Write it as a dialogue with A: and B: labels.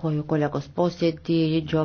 A: Koju kolegos posėdį, džio